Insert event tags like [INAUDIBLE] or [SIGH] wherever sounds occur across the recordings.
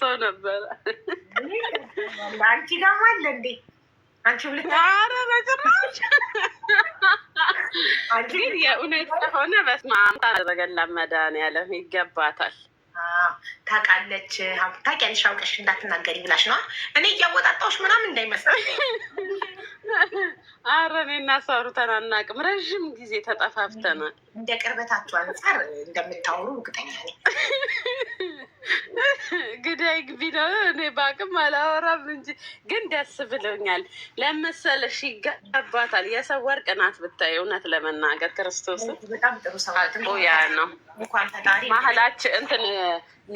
ሰው ነበረ። አንቺ ጋርም አለ እንዴ? ግን የእውነት ከሆነ በስመ አብ ታደረገላት መድኃኒዓለም ይገባታል። ታውቃለች ታውቂያለሽ፣ አውቀሽ እንዳትናገሪ ብላሽ ነዋ። እኔ እያወጣጣዎች ምናምን እንዳይመስል። [LAUGHS] ኧረ እኔ እና እሷ አውርተን አናውቅም፣ ረዥም ጊዜ ተጠፋፍተናል። እንደ ቅርበታችሁ አንጻር እንደምታወሩ እርግጠኛ ነኝ። [LAUGHS] ግዳይ ቢለው እኔ በአቅም አላወራም እንጂ ግን ደስ ብሎኛል። ለመሰለሽ ይገባታል። የሰው ወርቅ ናት ብታይ እውነት ለመናገር ክርስቶስ ያ ነው። መሀላችን እንትን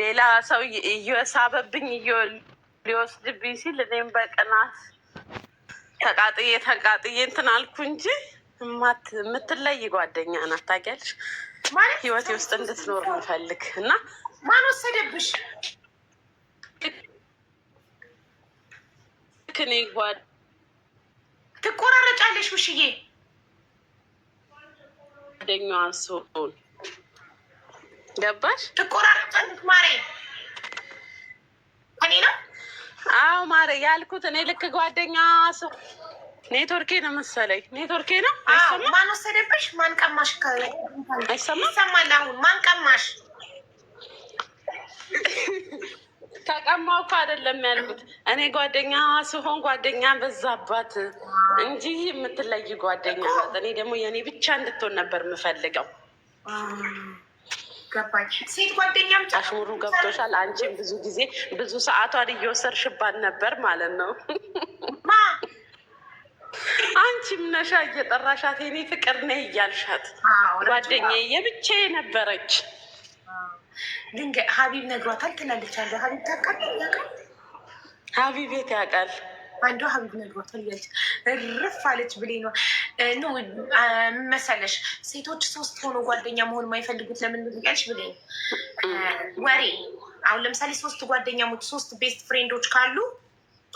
ሌላ ሰው እየሳበብኝ ሊወስድብኝ ሲል እኔም በቅናት ተቃጥዬ ተቃጥዬ እንትን አልኩ እንጂ የምትለይ ጓደኛ ናት ታውቂያለሽ። ህይወቴ ውስጥ እንድትኖር ምፈልግ እና ማን ወሰደብሽ? ክኔ ጓድ ትቆራረጫለሽ። ውሽዬ ጓደኛዋን ስሆን ገባሽ? ትቆራረጫለሽ ማሬ እኔ ነው አዎ፣ ማሬ ያልኩት እኔ ልክ ጓደኛ ስሆን ኔትወርኬ ነው መሰለኝ። ኔትወርኬ ነው። ማን ወሰደብሽ? ማን ቀማሽ? ይሰማል። አሁን ማን ቀማሽ? ተቀማው እኮ አይደለም ያልኩት እኔ ጓደኛ ስሆን ጓደኛ በዛባት እንጂ የምትለይ ጓደኛ ናት። እኔ ደግሞ የእኔ ብቻ እንድትሆን ነበር የምፈልገው። አሽሙሩ ገብቶሻል። አንቺም ብዙ ጊዜ ብዙ ሰዓቷን እየወሰድሽባት ነበር ማለት ነው። አንቺም ነሻ እየጠራሻት የኔ ፍቅር ነይ እያልሻት ጓደኛ የብቻዬ ነበረች። ድንጋይ ሀቢብ ነግሯታል ትላለች። አንዷ ሀቢብ ታውቃለህ፣ ያውቃል ሀቢብ ቤት ያውቃል። አንዷ ሀቢብ ነግሯታል እያለች እርፍ አለች። ብሌ ነው ኑ መሰለሽ ሴቶች ሶስት ሆኖ ጓደኛ መሆን የማይፈልጉት ለምን ያለች ብሌ ነው ወሬ። አሁን ለምሳሌ ሶስት ጓደኛ ሞች ሶስት ቤስት ፍሬንዶች ካሉ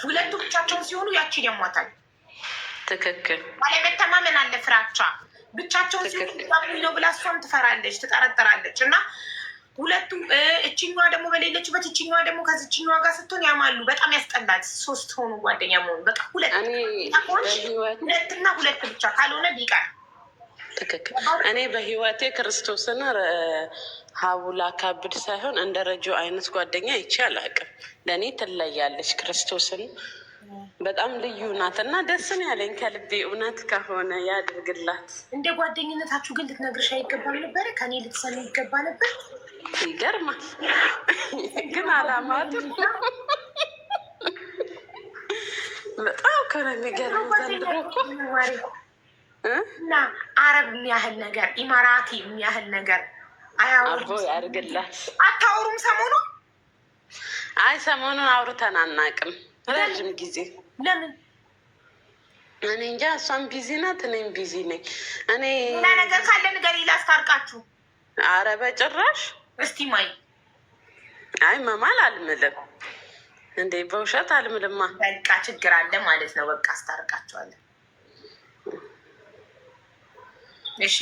ሁለቱ ብቻቸውን ሲሆኑ ያቺን ያሟታል። ትክክል ባለመተማመን አለ፣ ፍራቻ ብቻቸውን ሲሆኑ ነው ብላ እሷም ትፈራለች፣ ትጠረጠራለች እና ሁለቱም እችኛዋ ደግሞ በሌለችበት እችኛዋ ደግሞ ከዚችኛዋ ጋር ስትሆን ያማሉ። በጣም ያስጠላል። ሶስት ሆኑ ጓደኛ መሆኑ በቃ ሁለት ሁለት ብቻ ካልሆነ ቢቀር ትክክል። እኔ በህይወቴ ክርስቶስን ሀቡላ ካብድ ሳይሆን እንደ ረጆ አይነት ጓደኛ ይቼ አላውቅም። ለእኔ ትለያለች። ክርስቶስን በጣም ልዩ ናት እና ደስን ያለኝ ከልቤ። እውነት ከሆነ ያድርግላት። እንደ ጓደኝነታችሁ ግን ልትነግርሽ አይገባም ነበረ? ከኔ ልትሰሚ ይገባ ነበር። ይገርማል። ግን አላማቱ በጣም ከነ የሚገርም ዘንድሮ እና አረብ የሚያህል ነገር ኢማራቲ የሚያህል ነገር አያአርጎ ያድርግላት። አታወሩም ሰሞኑ? አይ ሰሞኑን አውርተን አናውቅም ረዥም ጊዜ ለምን እኔ እንጃ። እሷም ቢዚ ናት፣ እኔም ቢዚ ነኝ። እኔ እና ነገር ካለ ነገር ይላስታርቃችሁ። አረ በጭራሽ እስቲ ማይ አይ መማል አልምልም እንዴ በውሸት አልምልማ። በቃ ችግር አለ ማለት ነው። በቃ አስታርቃቸዋለን። እሺ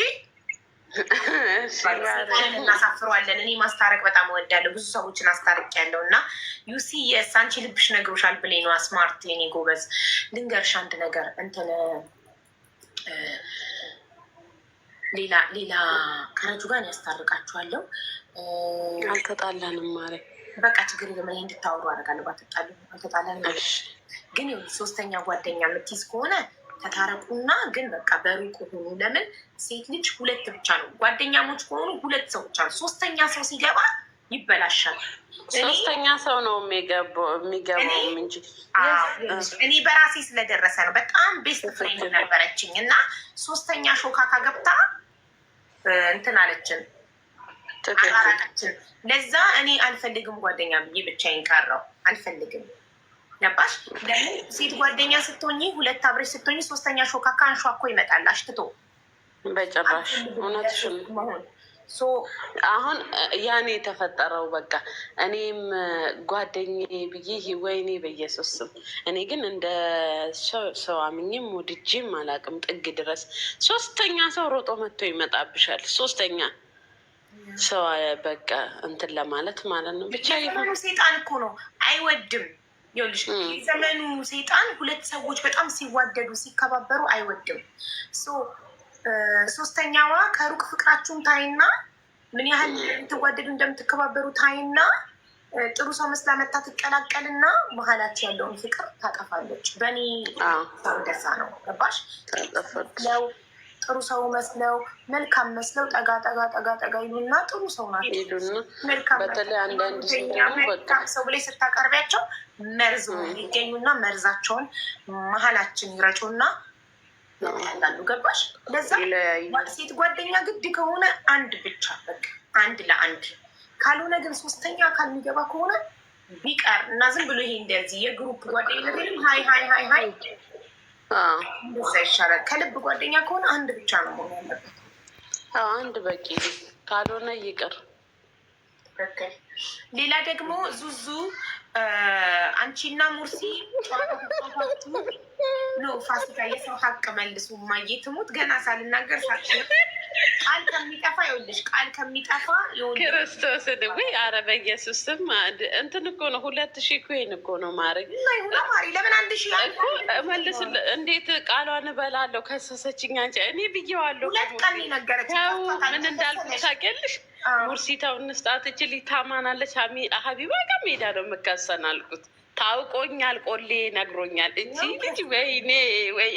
እናሳፍረዋለን። እኔ ማስታረቅ በጣም እወዳለሁ። ብዙ ሰዎችን አስታርቅ ያለው እና ዩሲ የስ አንቺ ልብሽ ነግሮሻል ብሌ ነዋ። ስማርት የኔ ጎበዝ፣ ልንገርሽ አንድ ነገር እንትን ሌላ ሌላ ከረጁ ጋር ያስታርቃችኋለሁ። አልተጣላንም ማለ በቃ ችግር የለም። እኔ እንድታወሩ አደርጋለሁ። ባትጣሉ አልተጣላንም። ግን ሶስተኛ ጓደኛ የምትይዝ ከሆነ ተታረቁና ግን በቃ በሩቅ ሆኑ። ለምን ሴት ልጅ ሁለት ብቻ ነው። ጓደኛሞች ከሆኑ ሁለት ሰው ብቻ ነው። ሶስተኛ ሰው ሲገባ ይበላሻል። ሶስተኛ ሰው ነው የሚገባው እንጂ እኔ በራሴ ስለደረሰ ነው። በጣም ቤስት ፍሬንድ ነበረችኝ እና ሶስተኛ ሾካካ ገብታ እንትን አለችን አራራችን። ለዛ እኔ አልፈልግም ጓደኛ ብዬ ብቻዬን ቀረው። አልፈልግም ነባሽ ደግሞ ሴት ጓደኛ ስትሆኝ፣ ሁለት አብረሽ ስትሆኝ፣ ሶስተኛ ሾካካ አንሿኮ ይመጣል አሽትቶ በጭራሽ እውነት መሆን አሁን ያኔ የተፈጠረው በቃ እኔም ጓደኝ ብዬ ወይኔ በኢየሱስ ስም እኔ ግን እንደ ሰው አምኜም ወድጄም አላውቅም። ጥግ ድረስ ሶስተኛ ሰው ሮጦ መጥቶ ይመጣብሻል። ሶስተኛ ሰው በቃ እንትን ለማለት ማለት ነው። ብቻ ሴጣን እኮ ነው አይወድም። ይኸውልሽ የዘመኑ ሴጣን ሁለት ሰዎች በጣም ሲዋደዱ ሲከባበሩ አይወድም። ሶስተኛዋ ከሩቅ ፍቅራችሁን ታይና ምን ያህል የምትዋደዱ እንደምትከባበሩ ታይና ጥሩ ሰው መስላ መታ ትቀላቀልና መሀላችሁ ያለውን ፍቅር ታጠፋለች። በእኔ ደሳ ነው ገባሽ? ለው ጥሩ ሰው መስለው መልካም መስለው ጠጋ ጠጋ ጠጋ ጠጋ ይሉና ጥሩ ሰው ናቸው። በተለይ አንዳንድ መልካም ሰው ብላይ ስታቀርቢያቸው መርዝ ይገኙና መርዛቸውን መሀላችን ይረጩና ይላሉ። ገባሽ? ለዛ ሴት ጓደኛ ግድ ከሆነ አንድ ብቻ በቃ አንድ ለአንድ ካልሆነ ግን ሶስተኛ አካል የሚገባ ከሆነ ቢቀር እና ዝም ብሎ ይሄ እንደዚህ የግሩፕ ጓደኛ ነገርም ሀይ ሀይ ሀይ ሀይ እንደዛ ይሻላል። ከልብ ጓደኛ ከሆነ አንድ ብቻ ነው መሆን ያለበት። አንድ በቂ ካልሆነ ይቅር። ሌላ ደግሞ ዙዙ አንቺና ሙርሲ ኖ ፋሲካ የሰው ሀቅ መልሱ። ማየት ትሙት ገና ሳልናገር ሳ ቃል ከሚጠፋ ይኸውልሽ፣ ቃል ከሚጠፋ ክርስቶስ ድዊ አረ በኢየሱስ ስም እንትን እኮ ነው። ሁለት ሺ ኮይን እኮ ነው ማሪ ማሪ ለምን አንድ ሺ ሺህ መልስ። እንዴት ቃሏን እበላለሁ? ከሰሰችኝ። አንቺ እኔ ብዬዋለሁ። ሁለት ቀን ነገረች ምን እንዳልኩ ታውቂያለሽ? ሙርሲታው እንስጣት እችል ታማናለች። ሀቢባ ጋ ሜዳ ነው የምከሰን አልኩት። ታውቆኛል፣ ቆሌ ነግሮኛል እንጂ ልጅ ወይኔ ወይ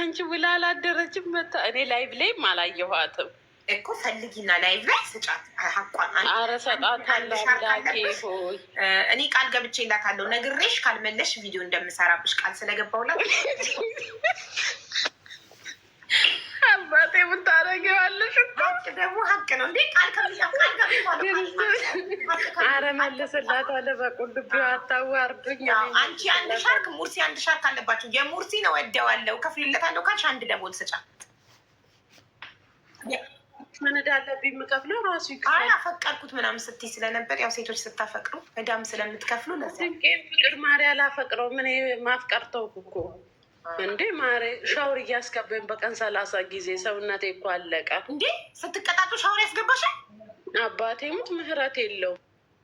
አንቺ ውላ አላደረችም። መታ እኔ ላይቭ ላይም አላየኋትም እኮ ፈልጊና ላይቭ ላይ ስጫት ሀቋን ኧረ ሰጣታለሁ። ሆይ እኔ ቃል ገብቼ ገብቼላታለሁ። ነግሬሽ ካልመለሽ ቪዲዮ እንደምሰራብሽ ቃል ስለገባውላት አባቴ የምታረጊ ያለሽ ደግሞ ሀቅ ነው። እንዴ ቃል ኧረ መልስላት አለ በቁልቢ አታዋርዱኝ። አንቺ አንድ ሻርክ ሙርሲ አንድ ሻርክ አለባቸው። የሙርሲ የሙርሲን እወደዋለሁ እከፍልለታለሁ ካልሽ አንድ ደቦል ስጫት ምን ዕዳ አለብኝ የምከፍለው ራሱ ይከፍላል። አፈቀርኩት ምናምን ስትይ ስለነበር ያው ሴቶች ስታፈቅሩ እዳም ስለምትከፍሉ ለስንቄ ፍቅር ማርያ ላፈቅረው ምን ማፍቀር ተውኩ እኮ እንዴ ማሬ ሻውር እያስገባኝ በቀን ሰላሳ ጊዜ ሰውነቴ እኮ አለቀ። እንዴ ስትቀጣጡ ሻውር ያስገባሻል? አባቴ ሙት ምህረት የለው።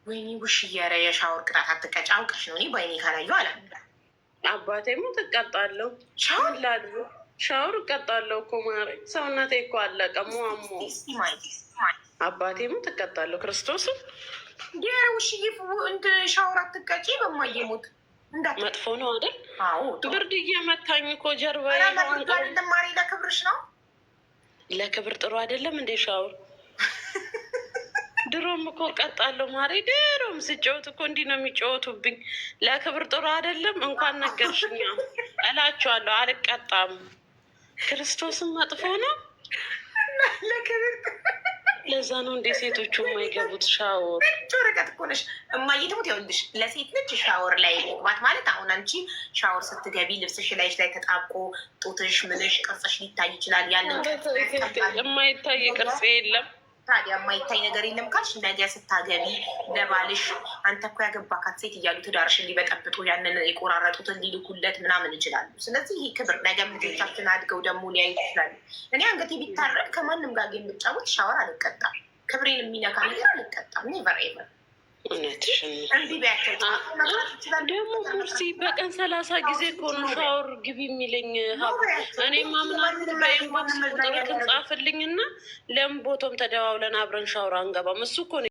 ወይኔ ውሽዬ፣ ኧረ የሻወር ቅጣት አትቀጭ፣ አውቀሽ ነው። እኔ በይኔ ካላዩ አለ አባቴ ሙት እቀጣለሁ። ሻውር ላድሩ ሻወር እቀጣለሁ እኮ ማሬ፣ ሰውነቴ እኮ አለቀ። ሟሞ አባቴ ሙት እቀጣለሁ። ክርስቶስ ዲያረ ውሽዬ፣ ሻወር አትቀጪ በማየ ሙት መጥፎ ነው አይደል? ብርድ እየመታኝ እኮ ጀርባ ማሪ። ለክብርሽ ነው ለክብር ጥሩ አይደለም እንዴ? ሻውር ድሮም እኮ ቀጣለሁ ማሪ። ድሮም ስጫወት እኮ እንዲህ ነው የሚጫወቱብኝ። ለክብር ጥሩ አይደለም። እንኳን ነገርሽኛ እላችኋለሁ፣ አልቀጣም። ክርስቶስም መጥፎ ነው ለክብር ለዛ ነው እንደ ሴቶቹ የማይገቡት ሻወር ብቻ ርቀት እኮ ነሽ እማዬ ትሙት። ይኸውልሽ ለሴት ልጅ ሻወር ላይ መግባት ማለት አሁን አንቺ ሻወር ስትገቢ ልብስሽ ላይሽ ላይ ተጣብቆ ጡትሽ ምንሽ ቅርጽሽ ሊታይ ይችላል። ያንን የማይታይ ቅርጽ የለም ታዲያ የማይታይ ነገር የለም ካልሽ፣ ነገ ስታገቢ ለባልሽ አንተ እኮ ያገባካት ሴት እያሉ ትዳርሽን እንዲበጠብጡ ያንን የቆራረጡትን ሊልኩለት ምናምን ይችላሉ። ስለዚህ ይህ ክብር ነገ ልጆቻችን አድገው ደግሞ ሊያዩ ይችላሉ። እኔ አንገቴ ቢታረቅ ከማንም ጋር የምጫወት ሻወር አልቀጣም። ክብሬን የሚነካ ነገር አልቀጣም። ኔቨር ኤቨር ደግሞ ኩርሲ በቀን ሰላሳ ጊዜ ኮኑ ሻወር ግቢ የሚለኝ እኔ ማምናት በኢንቦክስ ቁጥር ትጻፍልኝና ለምን ቦቶም ተደዋውለን አብረን ሻወር አንገባም? እሱ እኮ